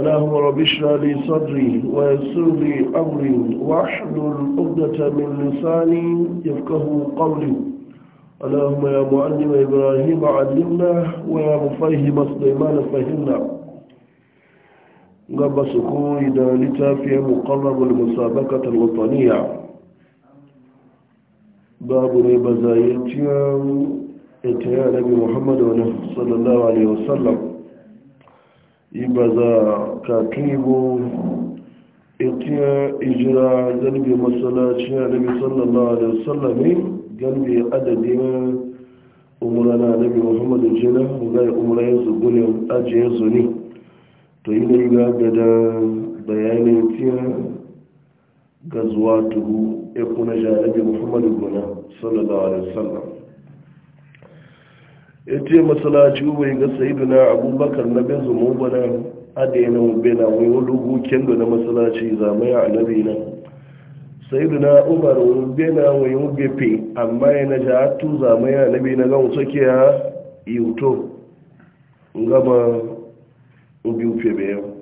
اللهم رب اشرح لي صدري ويسر لي امري واحلل عقدة من لساني يفقه قولي اللهم يا معلم ابراهيم علمنا ويا مفهم سليمان فهمنا غب سكون دالتا في مقرب المسابقة الوطنية باب ريب زايتيا اتيان نبي محمد صلى الله عليه وسلم ibaza kakibu itiya ijira galbe masalacin alabi sallallahu alaihi wasallam galbe adadin na alabi muhammadu jina zai umrayen su gulin ajiyar su ne to yi ne ga da bayanin tiya ga zuwa tuhu ya kuna jarabi muhammadu guna sallallahu alaihi wasallam ya ce masalaci wai ga sayiduna abubakar na bin zumu bana adena bena wai wani hukin da na masalaci zamaya a nabi na sayiduna umar bena wai wani fe amma ya na ja tu zamaya a nabi na gan soke ya yuto gama ubi ufe bayan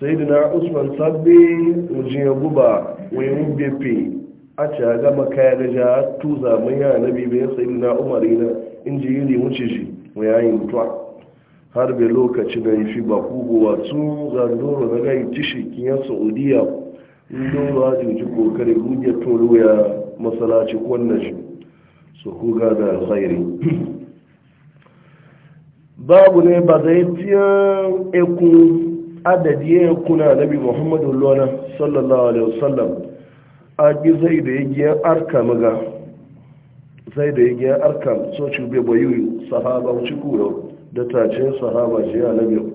sayiduna usman sabbi wajen ya guba wai wani fe a ci gama kaya na ja tu zamaya a nabi bayan sayiduna umar na inji ne wuce shi mai yayin mutuwa har bai lokaci da fi ba kugowa tun zandoro na gai tishi kiyar saudiya indoro a jiji kokari guge tolo ya masalaci wannan shi su kuga da alkhairi babu ne ba zai tiya ekun adadi ya kuna nabi muhammadu lona sallallahu alaihi wasallam a gizai da ya giyar arka maga zai da ya gya arkam so ci bai bayu sahaba kuyo da tace sahaba shi ya nabi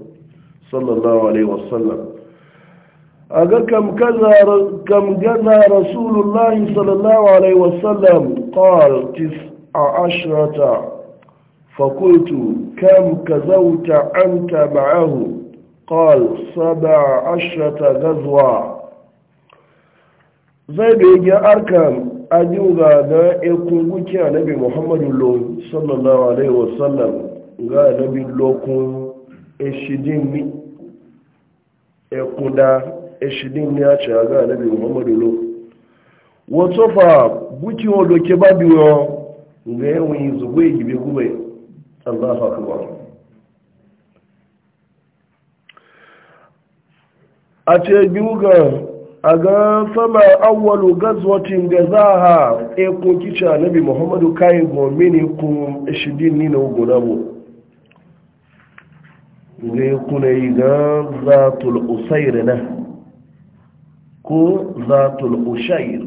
sallallahu alaihi wasallam a ga kam gaza rasulullahi sallallahu alaihi wasallam qal tis a ashrata fakultu kam kazauta anta ma'ahu قال سبع zai da ya gya arkan adiuga eku ekunguki anabi muhammadu lo sallallahu alaihi wasallam ga anabi lokun eshidin ni ekuda eshidin ni acha ga anabi muhammadu lo wato fa guki wọn loke ba wọn ga yawon yi zugbe gibe gube allahu a ce biyu ga a ga fama awwalu gazwatin da za a eko kica nabi muhammadu kayan gomini kun shidin nina na ugona bu ga kuna yi e ga zatul usair na ko zatul ushair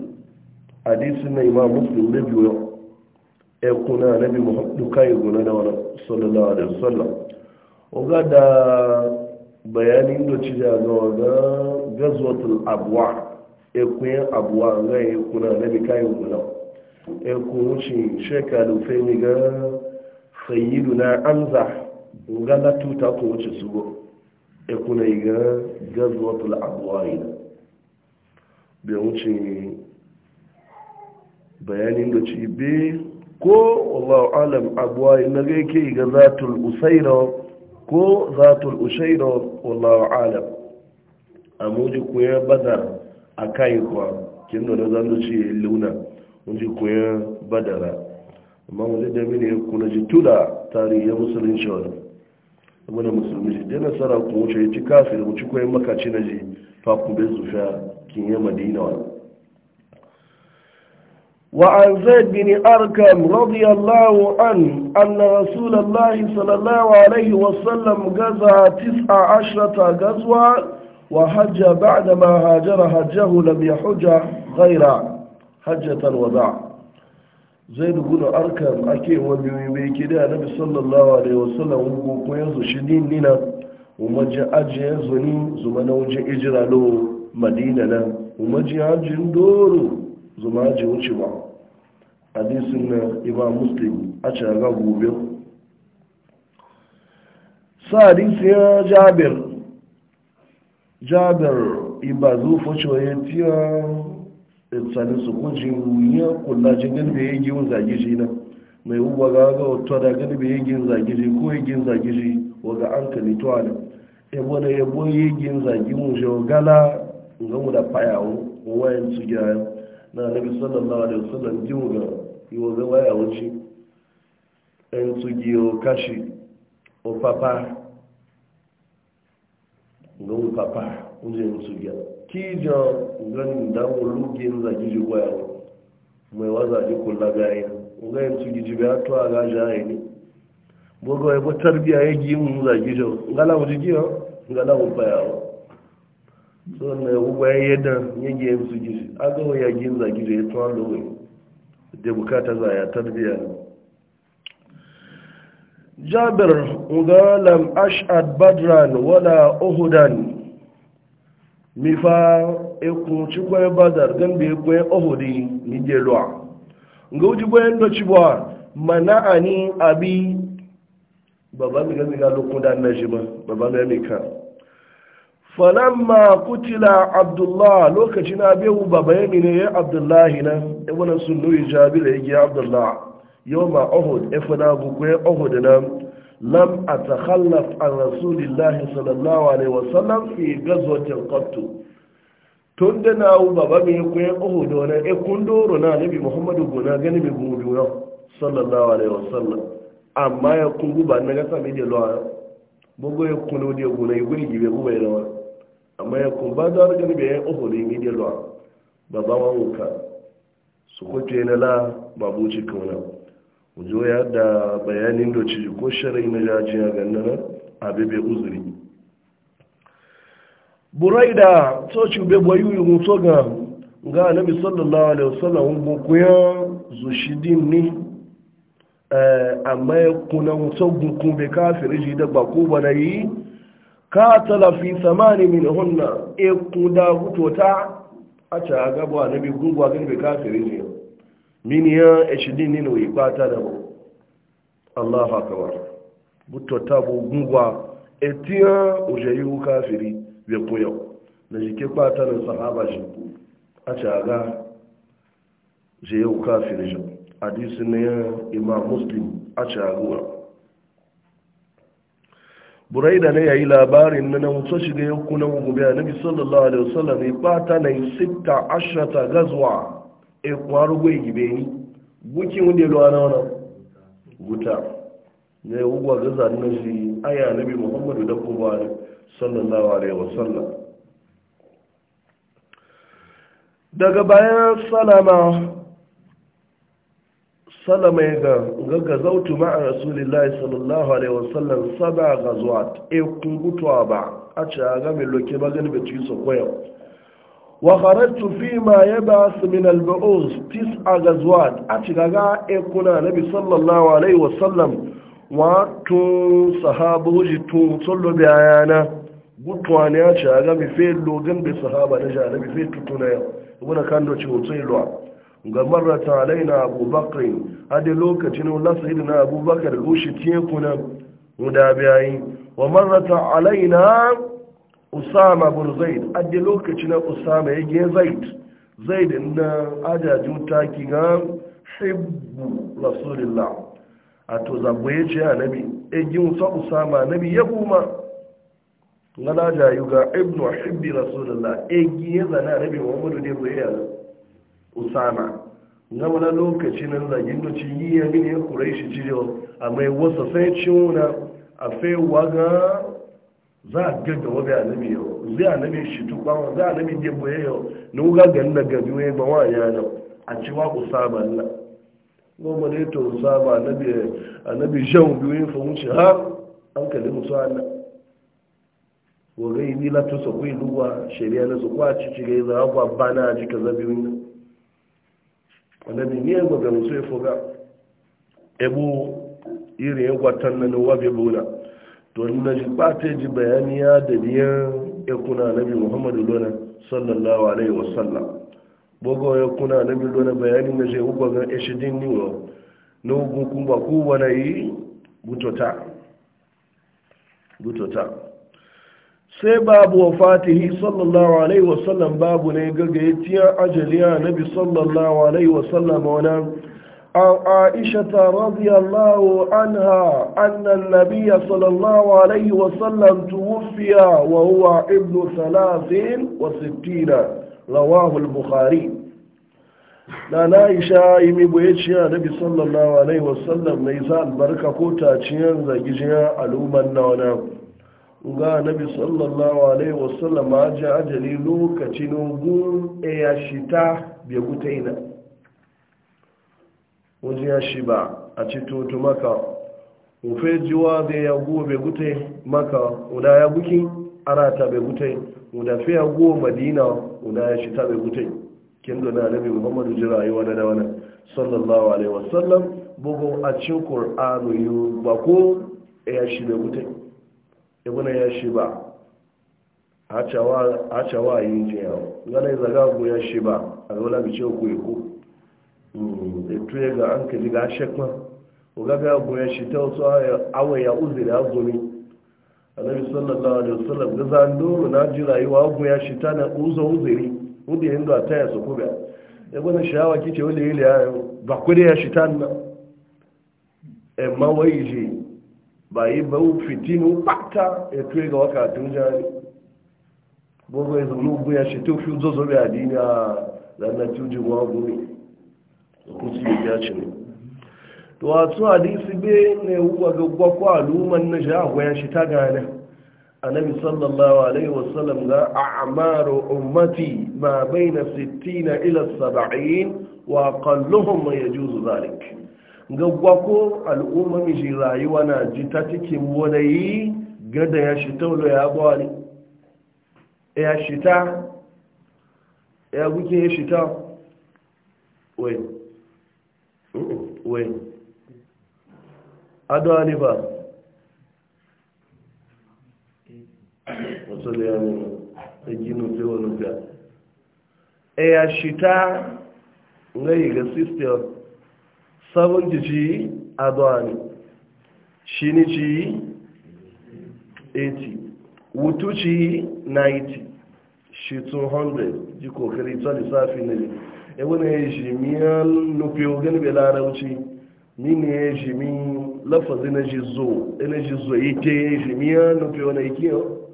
hadisi na imam muslim da biyu ekuna nabi muhammadu kayan gona da wani sallallahu alaihi wasallam oga da bayanin da ci da ga gazwatul abuwa ekuyen abuwa ga ya e kuna na bikayin gula ekun wucin shekaru femi ga sayidu na amza ga na tuta ko wuce su go ekuna yi ga gazwatul abuwa yi da wuce bayanin da ci be ko wallahu alam abuwa yi na ga yake ga zatul usaira ko za zatul ushaira wallahu alam muji koyar badar a kayi kwa kin da zan ci luna muji koyar badara amma wani da mini kuna ji tula tarihi musulunci wani wani musulmi ji da nasara kuma wuce ya ci kafin wuce koyar makaci na ji fa kuma bai zufiya kin yi madina wani وعن زيد بن أركم رضي الله عنه أن رسول الله صلى الله عليه وسلم غزا تسع عشرة غزوة وحج بعدما هاجر حجه لم يحج غير حجة الوداع زيد بن أركم أكي وبيبيكي ده النبي صلى الله عليه وسلم وكوينزو شدين لنا ومجا أجي يزني زمنا وجي إجرالو مدينة ومجي أجي ندورو zuma ji ba hadisin na imam muslim a caga gobe sa hadisi ya jabir jabir iba zufa cewa tiya tsanin su kujin ya kula jin da ya yi yiwun zagiji na mai uba ga ga wata da gani bai yi yin zagiji ko yi yin zagiji waga an kalituwa ne yabo da yabo yi yin zagi mun shi gala ga mu da fayawo wayan su gyara na nabi sallallahu alaihi wasallam jiwo ga yiwo ga waya wuce ɗan tsugiyo kashi o papa ga papa papa wuje su giya Ki kijo ganin da wulugin zagi ji waya mai waza ji kula gaye ga yin tsugi ji ba to ga jaye ni. bogo ya bo tarbiya ya gi mun zagi jo ngala wuje giya ngala wo bayawo so na ugbo ihe yadda nye gi yanzu gizi agawa ya gin zagi da ya tuwa lowe da bukata za ya tarbiya jabir ga lam ash'ad badran wala uhudan mifa ekun cikwe badar gan da ekwe uhudi ni jelwa ga uji bayan da cibwa mana'ani abi ni abi ga mi ga lokun da na shi ba baba mi ga falamma kutila abdullah lokacin abewu baba ya mine ya abdullahi na ibn sunnu jabir ya giya abdullah yawma uhud ifna gugwe uhud na lam a atakhallaf an rasulillahi sallallahu alaihi wasallam fi gazotin qattu tun da na wu baba mai kwe uhud na e kundoro na nabi muhammadu guna gani mai gudu na sallallahu alaihi wasallam amma ya kungu ba na gasa mai da lo bugo ya kuno da gona igwe gibe bugo ya lawa amma ya kun ba da gani bai ohurin yi dilwa ba ba wa wuka su kwace na la babu ci kauna wujo ya da bayanin da ko shirin na jajin ya ganna na abebe uzuri buraida to ci be boyu yi mutu ga ga annabi sallallahu alaihi wasallam ko ya zushidin ni eh, amma ya kuna mutu gun kun be kafiri ji da ba ko ba na yi katala fi samani min hunna e kuda hutota a ci a gaba na bi gungwa gani bai kafiri ne min ya eshidin ne wai bata da Allah hakawa butota bu gungwa etiya ujayu kafiri bai kuyo na jike bata da sahaba shi a ci a ga je yau kafiri shi hadisin na imam muslim a ci buraida ne yayi labarin na wuce shiga yankunan gobe annabi sallallahu alaihi wasallam ya fata na ashrata, gazwa e kwaru gwe gibe ni buki wunde lo ana wana guta ne ugwa zan na shi aya nabi muhammadu da kuma sallallahu alaihi wasallam daga bayan salama salama ya ga gaga zautu ma'a rasulillahi sallallahu alaihi wasallam saba ga zuwa a e, kungutuwa ba a ce a game loke ba ci bai su kwayo wa kharajtu fi ma su min al a ga zuwa a ci gaga a e, kuna nabi sallallahu alaihi wasallam wa tun sahabu ji tun sallo bayana gutuwa ne a ci gaga mi fe logan bi sahaba da ja bi fe tutuna yau wani kan do ci ga marrata alaina abubakar hadi lokacin lasiri na abubakar rushe tekuna guda biyayi wa marata alaina usama bin zaid hadi lokacin usama ya ge zaid zaid na ajajin taki ga hibbu rasulillah a to ya ce a nabi egin sa usama nabi ya kuma ngana jayu ga ibnu Habbi, rasulillah egin ya zana nabi muhammadu ne zai yana usama na wani lokaci na zagin da ci yi ya gini ya kure shi jiyo a mai wasu sai ciwona a faiwa ga za a gaga wabi a nabi yau zai a nabi shi tukwa za a nabi gebo ya yau na wuga gani na gabi wani ba wa ya nan a cewa usama na goma ne to usama a nabi jan biyu yin fahimci ha an kalli musu ana wa gai ni latu sa kwai luwa shari'a na su kwa ci gai za a bana a jika zabi annabi ne ba ga musu ifo ga ebu iri yan kwatan nan wabe buna to na ji kwate ji bayaniya da biyan ikuna nabi muhammadu lona sallallahu alaihi wasallam bogo ya kuna nabi lona bayani na je ugwa ga eshidin niwo na ugun kuma kowane yi butota butota sai babu wa fatihi sallallahu alaihi wasallam babu ne gagayyar ajali a nabi sallallahu alaihi wasallam wani an aishata radiyallahu anha annan nabiya sallallahu alaihi wasallam tuwufiya wa huwa ibnu salasin wa sittina rawahu bukhari na na isha yi mai boye ciya da bi sallallahu alaihi wasallam mai sa albarka ko taciyar zagijiyar al'ummar na wani ga nabi sallallahu alaihi wasallam a ji ajali lokacin ogun e ya shita bai guta ina wajen ya shi ba a ci maka ofe jiwa bai ya go bai guta maka da ya guki arata bai guta uda fi ya go madina da ya shita bai guta kin da nabi muhammadu ji rayuwa na da wannan sallallahu alaihi wasallam bugu a cikin qur'anu yu ba ko e ya shi bai guta ibuna ya shi ba a cewa yi jiyawo gane zagagu ya shi ba a rola bice ku yi ku hmm, etu ya ga an ka ji ga shekwa ugaga goya shi ta wasu awa ya uzuri ya zomi annabi sallallahu alaihi wasallam ga zando na ji rayuwa goya shi ta na uzo uzuri wanda yin da ta ya su kuga ya gwada shawa kice wanda yi ya ba kudi ya shi ta na emma wai ji ba yi bau fitinu pata ya tuye ga wakatun jari gbogbo ya zaune ugu ya shi to fi zozo bai adini a ranar tuji wa gumi kusi ya ya ci ne to wasu hadisi be ne uwa ga gwakwa aluman na jahwa ya shi ta gane annabi sallallahu alaihi wasallam ga a'maru ummati ma baina 60 ila 70 wa aqalluhum yajuzu zalik gaggwa ko al'umma shi rayuwa na ji ta cikin wadayi gada ya shi ta taulo ya ne ya shi ta ya guke ya shi ta wai wai wasu da e ya àmìnà ta tí ta wani ga ṣìta ń ta ngayi ga ọ̀rọ̀ sabon ki ci adwani shi ni ci 80 wutu ci 90 shi 200 ji kokari ta lissafi ne ewu na ya shi miyan nufi ogin belarauci mini ya mi lafazi na ji zo ina e ji zo ike ya shi miyan nufi wani ikiyo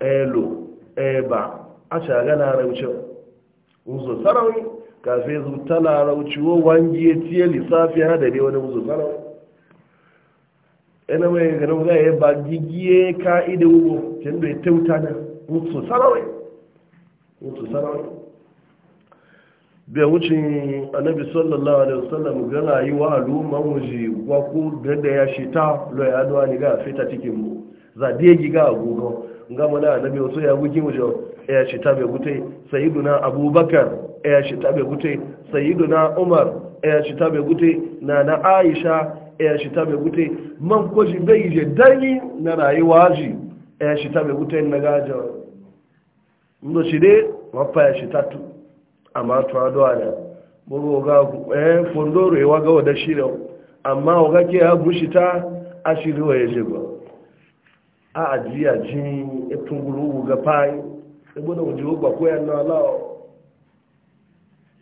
elo eba a shaga larauci musu sarawi kafe zu tana rauciwo wangi ya tiye lissafi hada da wani musu sarawi ina mai ganin ga ya ba gigiye ka'ida wugo tun da ya tauta na musu sarawi musu sarawi bai wuce annabi sallallahu alaihi wasallam ga wa al'umma muji wa ko da ya shita loya ya ni ga fita cikin mu za dai giga agogo ngama na annabi wasu ya gugi wujo ya shi tabe gute sayiduna abubakar ya shi tabe gute sayiduna umar ya shi tabe Na nana aisha ya shi tabe gute man koji bai je dali na rayuwa ji ya shi tabe gute na gaja ndo shi de wafa ya shi tatu amma to adwa ne bugo ga eh fondoro ya waga wada shi amma waga ke ya bushita ashiri wa yaje ba a ajiya jin tunguru ga fayi ebona ujiwo gbakwe ya n'ala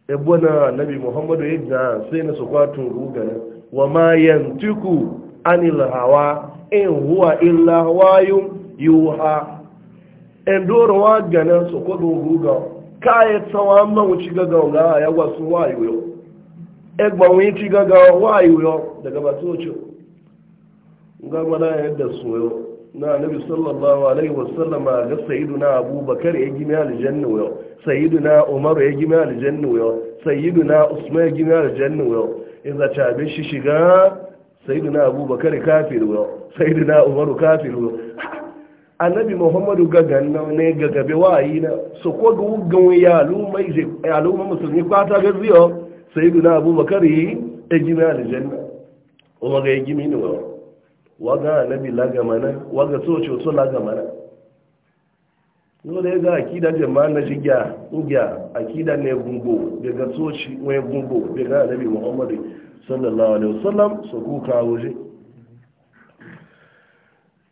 ebona nabi muhammadu ya ga sai na su kwatun ruganin wa ma yantiku anil hawa in huwa illa wayun yuha endoro wa ganin su kwatun ruga kayan tsawa man wuci gaggawa ya wasu wayo egbanwe ci gaggawa wayo daga batu wuce ga mana yadda soyo na nabi sallallahu alaihi wasallama ga sayyiduna abubakar ya gimi aljanna wa sayyiduna umaru ya gimi aljanna wa sayyiduna usman ya gimi aljanna wa in za ta bin shi shiga sayyiduna abubakar kafir wa sayyiduna umaru kafir wa annabi muhammadu ga ganna ne gagabe wayi na so ko ga wugan ya aluma ya aluma musulmi ta ga ziyo sayyiduna abubakar ya gina aljanna umar ya gimi ni wa waga annabi lagamana waga soce so lagamana dole ga akida jama'a na jigya ngya akida ne gungo daga soci wani gungo daga nabi muhammadu sallallahu alaihi wasallam su ku kawo je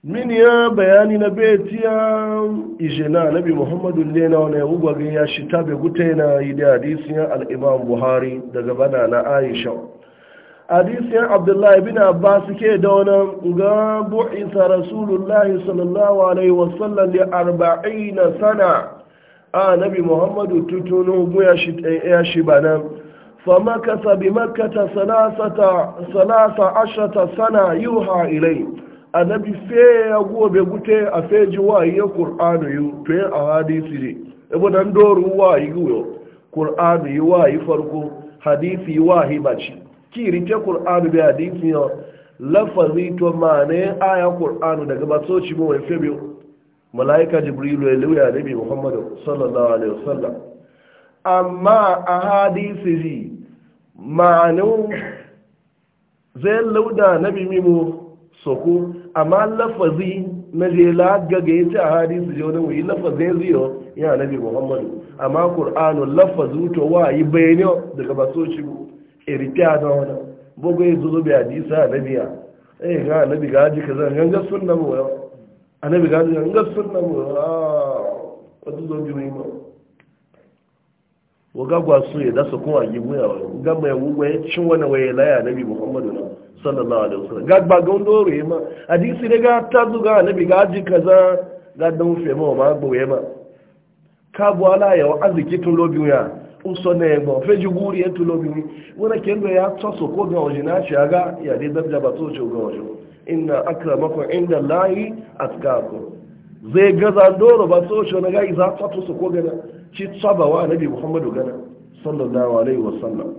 min ya bayani na betiya ijena nabi muhammadu na wani ugwagin ya shi tabe na yi da hadisiyan al'imam buhari daga bana na aisha hadisin abdullahi bin abbas suke da wani ga bu'isa rasulullahi sallallahu alaihi wasallam da arba'in sana a nabi muhammadu tutunu ya shi bana famakasa bi makata salasa ashata sana yuha ilai a nabi fe ya gobe gute a feji waye kur'anu yi to yin a hadisi ne ibu nan doru waye yi kur'anu yi waye farko hadisi waye baci kiri ce ƙur'anu bai hadisi yau lafazi to mane aya ƙur'anu daga matsoci mawai febe mala'ika jibrilu ya lauya nabi muhammadu sallallahu alaihi wasallam amma a hadisi ji ma'anin zai lauda nabi mimu soko amma lafazi na je lagaga ya ce a hadisi ji wani wuyi lafazin ziyo ya nabi muhammadu amma ƙur'anu lafazi to wa yi bayani daga matsoci mawai iritiya da wani bugu ya zuzo bai hadisa annabi ya eh ga Anabi ga ji kaza ganga sunna mu yau annabi ga ji ganga sunna mu ah wato zo bi waga gwa su ya dasa kuma a gibu ya wani ga mai wugwa ya cin wani waye laya annabi muhammadu na sallallahu alaihi wasallam ga ga ma ne ga ta ga ji ga dan fe ma ma gbo ma ka bu ala usone egbo feji guri etu lobini wona kendo ya toso ko ga ojina shaga ya de dabda ba to jo gojo inna akramakum inda lahi atqakum zai gaza doro ba so shi wani gai za ta tusa ko gana ci tsaba wa nabi muhammadu gana sallallahu alaihi wasallam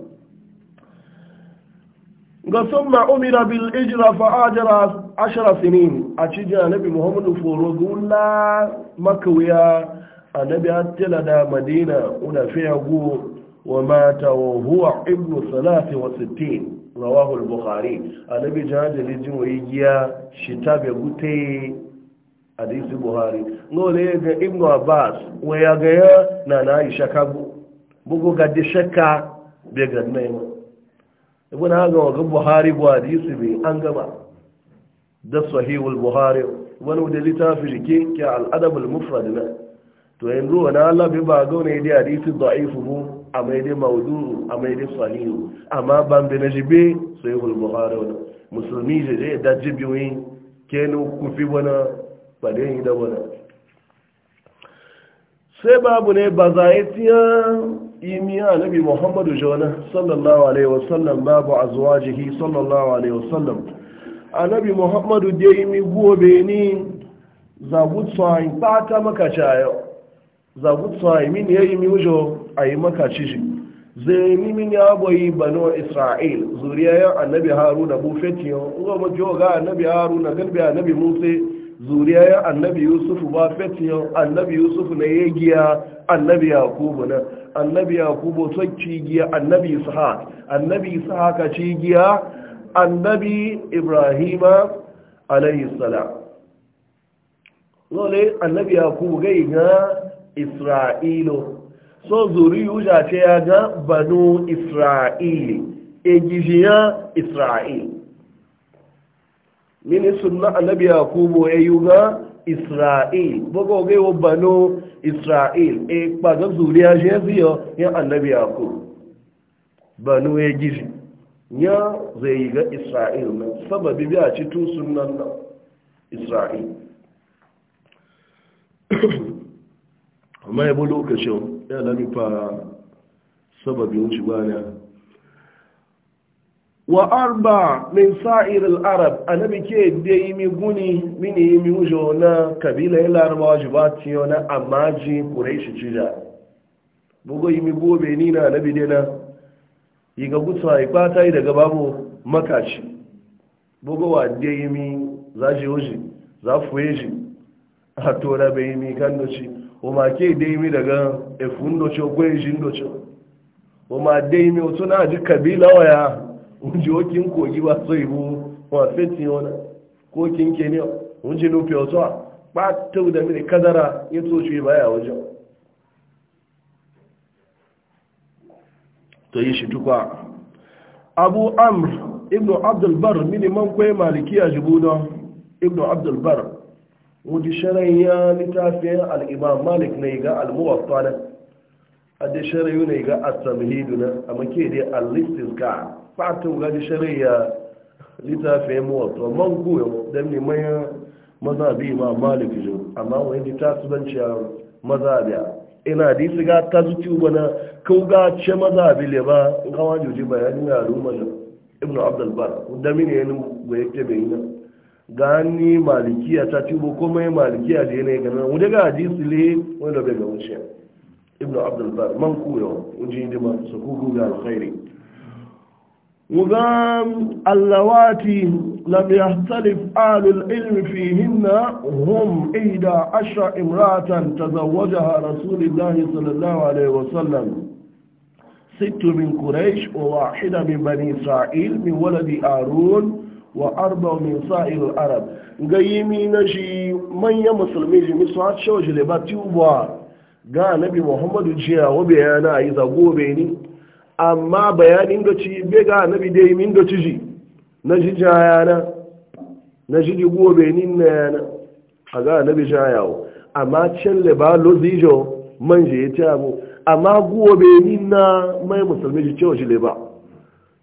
ga sun ma'umira bil ijira fa'ajara ashara sinin a cijin nabi muhammadu foro gula makawiya annabi hattila da madina una fiya go wa mata wa huwa ibnu salati wa sittin rawahu al-bukhari annabi jajali jin wa yiya shitabe gute hadisi buhari ngole ga ibnu abbas wa ya ga ya na na aisha kabu bugu ga di shakka be ga nai ma ibn haga wa buhari bu hadisi be an gaba da sahihul buhari wani da littafi ke ke al-adab al-mufrad na to yanzu wani Allah bai ba gauna ya dai hadisi da'ifu mu a mai dai maudu a mai dai sahihu amma ban da najibe sai hul bukhari wala musulmi je je da jibi jibiwi kenu kufi wana yi da wana sai babu ne ba za a yi imiya nabi muhammadu jona sallallahu alaihi wasallam babu jihi, sallallahu alaihi wasallam annabi muhammadu dai mi gobe ni zabutsa in fata maka cayo. zagutsu a yi mini ya yi miwujo a yi makaci shi zai min ya boyi bano isra'il Zuriya zuriyayen annabi haruna bufetin yau ga mafi ga annabi haruna galbi annabi musa zuriyayen annabi yusuf ba fetin yau annabi yusuf na ya giya annabi yakubu na annabi yakubu ci giya annabi ishaq annabi ishaq ka ci giya annabi ibrahima alayhi salam lole annabi yakubu ga isra'ilu so zuri yuja ce ya ga banu isra'ili egijiya isra'il mini sunna annabi yakubu ya yi ga isra'il Boko ga yiwu banu isra'il e kpaga zuri shi ya ziyo ya annabi yakubu banu ya gizi ya zai yi ga isra'il na sababi biya ci tun sunan isra'il amma ya bu lokacin ya lami fa sababin shi bana wa arba min sa'ir al-arab anabi ke de yimi guni mini yimi ujo na kabila ila arba wajibati na amaji quraish jida bugo yimi gobe ni na anabi dai na yiga gutsa ipata daga babu makashi bugo wa de yimi zaji uji zafueji atora be yimi shi ma ke daimi daga efun doce shi doce o ma daimi otu na ji kabila waya unji okin kogi ba so ibu wa fetin wani ko kin ke ne unji nufi otu a ɓata da mini kadara ya toce baya wajen to yi shi abu amr ibn abdulbar mini man kwaye malikiya jibuna ibn abdulbar wuji sharai ya littafin al'imam malik na ga al'uwafa na a da sharai ne ga asamhidu na a make da al'istis ka fatin gaji sharai ya littafin muwafa man goyon don ne mayan mazabi ma malik jo amma wani ji maza biya ina da su ga ta zuci ubana kau ga ce mazabi le ba in kawai juji bayanin ya rumar ibn abdulbar da mini yanin ga yake bai yi gani malikiya ta tubo komai ya malikiya da yanayi gana wuce ga hadisi le wanda bai ga wuce ibn abdulbar man koyo wuce yi dima su kuku ga alkhairi wuga allawati na lam yahtalif alul ilmi fi hinna hum ida ashra imratan ta zawaja tazawwajaha rasulillahi sallallahu alaihi wasallam ست من wa وواحدة من bani إسرائيل من waladi arun wa arba min sa'ir arab ga yimi na shi manya musulmi ji misu har shawo shi leba tubuwa ga nabi muhammadu jiya wa bayana a yi zagobe ni amma bayanin da ci be ga nabi da yimin da ci ji na ji jaya na na ji ji gobe ni na yana a ga nabi wa? amma can leba lozijo man je ya ta mu amma gobe ni na mai musulmi ji cewa shi leba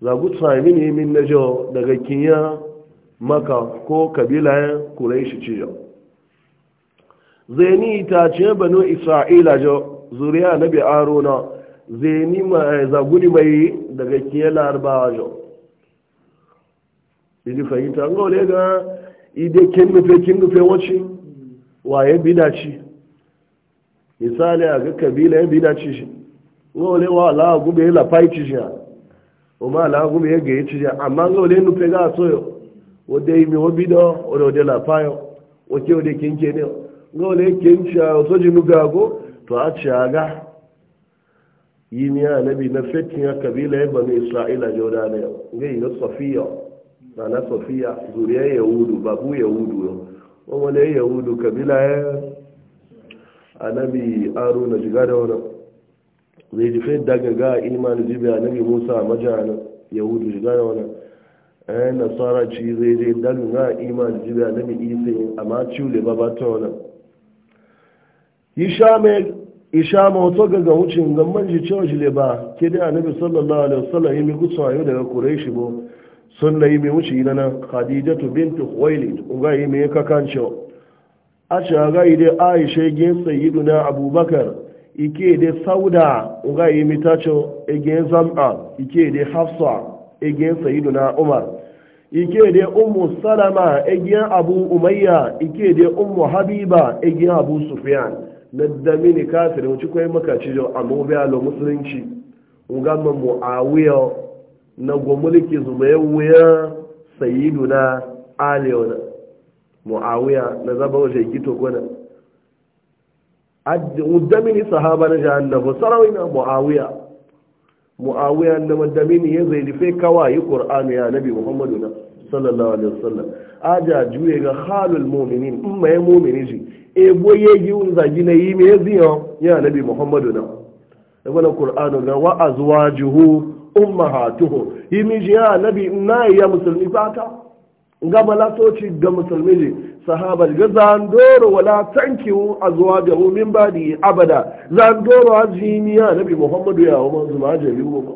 zagu tsami ne min na jau daga kinya maka ko kabila shi kuraishi cijau zeni ta ce banu isra'ila jo, zuriya na bi arona zeni eh, zaguni mai daga kinya larabawa jo". idi fahimta an gaule ga ide kin nufe kin nufe wacce waye bidaci misali a ga kabila ya bidaci shi gaule wa ala gube la faici shi o ma lagun ya ama nga amma ga wale nufe ga soyo wadda yi mi wabi da wadda wadda lafayo wake wadda kinke nga ga wale kince a soji nugago to a ci aga yini ya a nabi na fetin ya kabila e ya bani isra'ila jordaniya ga yi na safiya na na ya zuriya yahudu babu yahudu yau wani yahudu kabila ya e, anabi aro na shiga da zai ji fai daga ga imanin jibi a nabi musa a majalar yahudu shiga da wani ɗayan eh, nasara ci zai ji daga ga imanin jibi a nabi isa a maciu da ba ba ta wani isha ma wato gaga wucin gamban ji cewa shi ba ke da annabi sallallahu alaihi wasallam yi mi gutsu ayo daga quraishi bo sun sunna yi mi wuce ina nan khadijatu bint khuwailid uga yi mi kakancho a ga shaga ide aisha gin sayyiduna abubakar ike de sauda nga yi ege egen zam'a ike de hafsa egen sayiduna umar ike de ummu salama ege abu umayya ike de ummu habiba ege abu sufyan na damini kafir mu cikwai maka cijo amma mu bayalo musulunci uga mu muawiya na gwamulki zubaye wuya sayyiduna aliyona muawiya na zaba wajen gito gwanan udamini sahaba na jahannama sarawai na mu'awiya mu'awiya na madamini ya zai rufe kawai ƙur'anu ya nabi muhammadu na sallallahu alaihi wasallam aja juye ga halul mu'minin in ma ya mu'mini shi e boye yi un zagi na yi me ziyo ya nabi muhammadu na da wannan ƙur'anu na wa azwajuhu hatuhu yi mishi ya nabi na ya musulmi ba ka? ga malatoci ga musulmi sahabar ga zandoro wala tankiwu a zuwa ga umin badi abada zandoro a jiniya nabi muhammadu ya umar zuma jari umar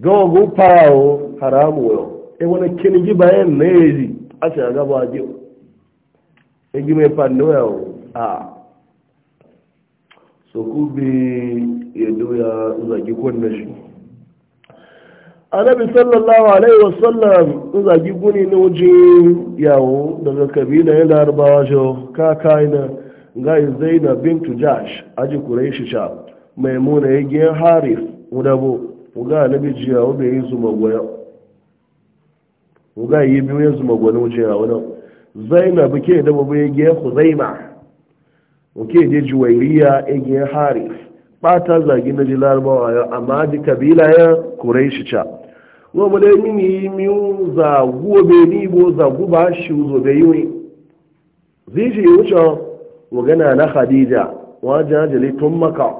ga wago farawo haramu yau e wani kinigi bayan na yi a ce a gaba e gi mai fannu yau a so ku bi ya doya zagi kwanne shi annabi sallallahu alaihi wasallam zagi guni na waje yawo daga kabila ya larabawa jo kaka ina ga zaina bintu jash aji kuraishi sha maimuna ya gyan haris udabo ga annabi jiya da yi zuma goya ga yi biyu ya zuma goya waje yawo nan zainab ke da babu ya gyan huzaima ke je juwairiya ya gyan haris bata zagi na ji larabawa amma ji kabila ya kuraishi sha no mo le ni mi za guo be ni bo za gu ba shi zo be yi ziji yucho mo gana na khadija wa jajali tun maka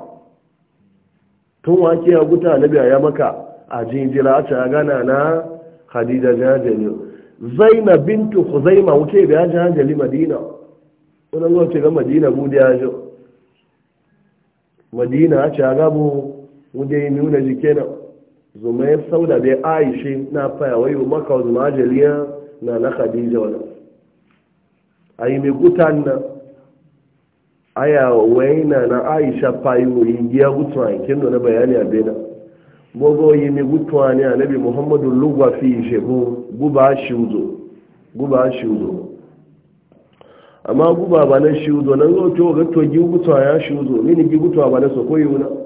tun wa ke guta na biya ya maka a a ta gana na khadija jajali zaina bintu khuzaima wuce biya jajali madina wannan ce ga madina bude ya jo madina a ta gabu wuje yi nuna jike na zuma ya sauda bai aisha na faya wayo maka zuma ajaliya na na khadija wani a yi mai gutan na aya waina na aisha fayu yi giya gutuwa kin na bayani a bena gbogbo yi mai gutuwa ne a nabi muhammadu lugwa fi shehu guba shi uzo guba shi uzo amma guba ba na shi uzo nan zo to ga to gi ya shi uzo mini gi ba na sokoyi wuna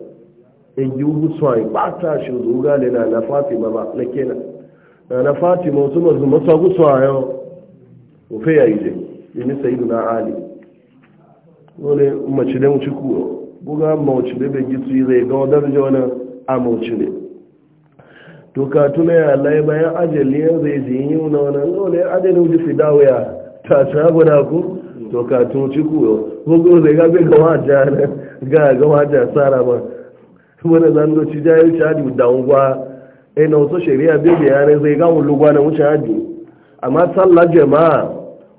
egi ugu swai bata shi uzu ugale na na fatima ba na kena na na fatima wasu mazu masu ugu swayo ofe ya ije yini sayidu na ali wani macile mu ci kuro buga macile bai gisu yi zai ga wadar jona a macile to ka tuna ya lai bayan ajali ya zai ji yi na wani wani ajali wuce fi dawaya ta shago na ku to ka tuna ci kuro buga zai ga bai gawa jana ga gawa jana sara ba wani zando ci jayo ci da ngwa eh na wasu shari'a da yanayi zai ga wani lugwa na wuce hajji amma tsalla jama'a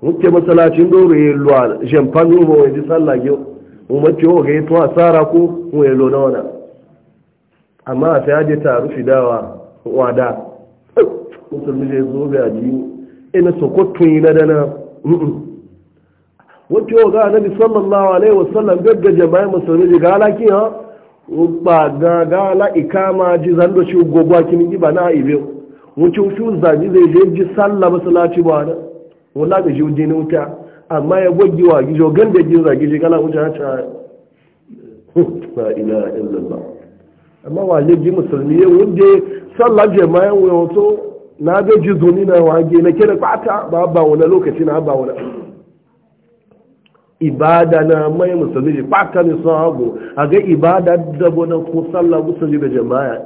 muke doro ya luwa jamfan ruwa wani tsalla ge mu mace yau ga to tsara ko mu yelo wana amma a sai hajji ta rufi dawa wada musulmi zai zo bai ajiyu ina yi na dana yau ga annabi sallallahu alaihi wasallam gaggaje jama'a musulmi ga alaƙi ha rugba ga ga la ikama ji zando ci gogwa kini giba na ibe mun ci su zaji zai je ji sallah masallaci ba na wala ga ji je wuta amma ya gogi wa gijo ganda ji zagi je kala wuta ta la ilaha illallah amma wa ji musulmi ya wunde sallah wato na ga ji zuni na wage na kira kwata ba ba wani lokaci na ba ibada na mai musulmi ji fata ne sun hagu a ga ibada da na ko sallah musulmi da jama'a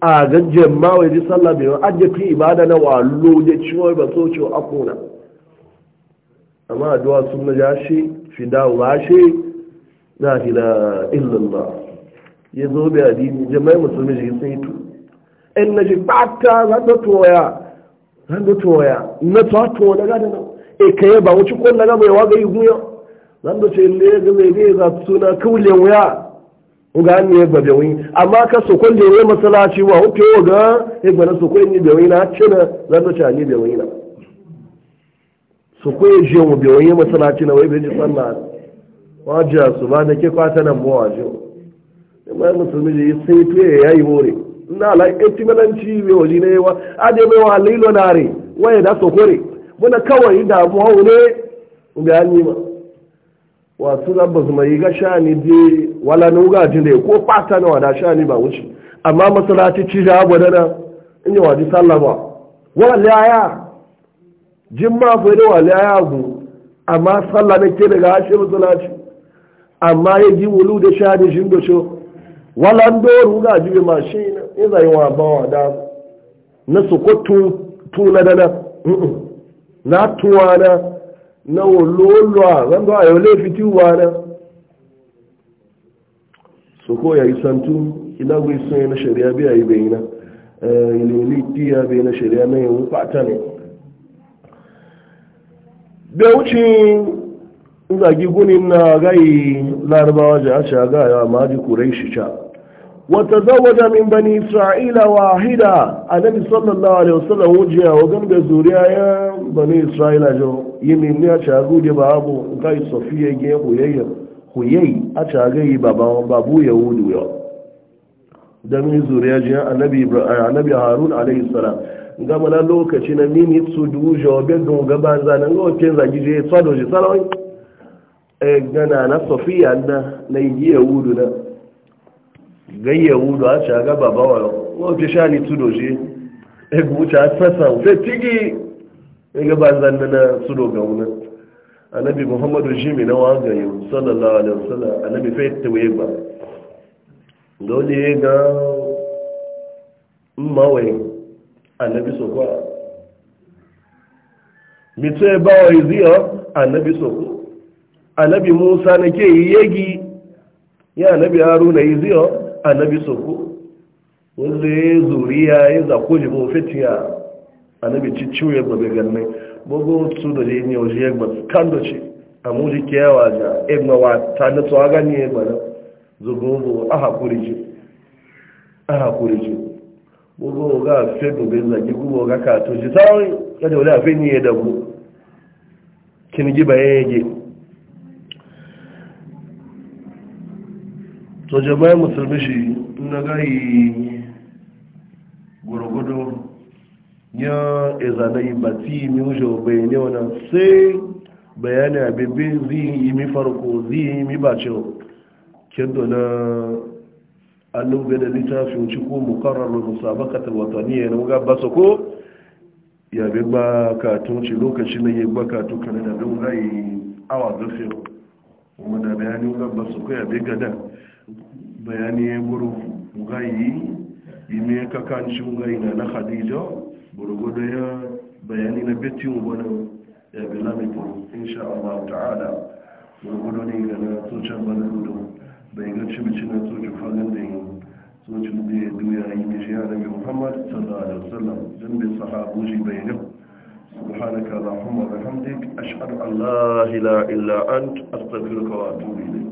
a ga jama'a ji sallah bai ajiye fi ibada na wallo da ciwo ba so ciwo akuna amma addu'a sun na jashi fi dawo shi na ila illallah ya zo bai adini jama'a musulmi ji sun yi tu in na ji fata zan ta toya za toya na ta toya daga da nan e kaye ba wuce ko na gaba ya waga yi guyan zan da ce le ga zai ga za suna kaulen wuya ga an yi babe wani amma ka so kwalle ne masalaci wa hukke wa ga ya gbana so kwalle be wani na cina zan da ce ni be wani na so kwalle je mu be wani masalaci na wai be ji sallah wajiya su ba da ke kwata nan mu waje mai musulmi da yi sai tuye ya yi wore na la etimalanci be waje ne wa ade mai wa lilo nare waye da so kore muna kawai damuwa ne ga an yi ma wasu rabbas mai ga shani je wala na wugajin da ya ko fata na wada shani ba wuce amma masalaci ci da abu dana in yi waji sallah ba walaya jin ma fai da walaya gu amma sallah na ke daga hashe masalaci amma ya ji wulu da shani shi da shi wala n doro wugaji bai ma shi na in zai wa ba wa da na su ko tuna dana na tuwa na na wallolwa zanga a yau laifi tiwa na so ya yi santu ina gwai sun yi na shari'a biya yi bai na ilimi tiya bai na shari'a na yawon fata ne bai wuce zagi gunin na gai larabawa ja a shaga ya maji kurai shi ca وتزوج من بني إسرائيل واحدة النبي صلى الله عليه وسلم وجه وقم بزوريا يا بني إسرائيل جو يمين أشاغو دي بابو غاي صفية جي خيي خيي أشاغي بابا بابو يهود ويا دمي زوريا جي النبي النبي هارون عليه السلام قام na lokaci na مين su duje wa gaggan gaban zanen ga wakil zagi je tsado ji salawai gana na sofiya na na yi yahudu gan yahudu a ci aga baba wa wọ́n fi ṣáà ní ṣe ẹgbẹ́ wọ́n a sẹ́sà fẹ́ tígi ẹgbẹ́ bá zan nana anabi muhammadu jimi na wọn gan yau sallallahu alaihi anabi fẹ́ tẹ̀wé ga wani ya ga mawai anabi sokwa mito ya ba anabi sokwa anabi musa na ke yi yegi ya anabi haruna annabi soko wanda ya zuriya ya zako ji mafiti ya annabi cicciyo ya babe ganne gbogbo su da ji ne wajen yagba kando a muji kiyawa ja egma wa ta na tsawa gani ya gbana zogogo a haƙuri ji a haƙuri ji gbogbo ga fe gobe zagi ga kato ji tsawon wani afe ne ya dabu ya to jama'a musulmi shi na gayi gwargwado ya izanai bati mi wuce bayani wannan sai bayani a bebe zai yi mi farko zai yi mi bacin kendo na allon da littafin ci ko mukarar musabakatar wataniya na muga basa ko ya bi ba katon ci lokacin na yi ba katon kanin da don gayi awa zafi wadda bayani muga basa ko ya bi gada bayani ya buru gayi yi me kakanci gayi na na khadija burgudu ya bayani na beti mu bana ya bila mi buru insha Allah ta'ala buru burgudu ne ga na tsohon baladudu bai ga shi cibici na tsohon falin da yi so da ya duya yi mishi ya nabi muhammad sallallahu alaihi wasallam dan bi sahabu shi bayani سبحانك اللهم وبحمدك أشهد أن لا إله إلا أنت أستغفرك وأتوب إليك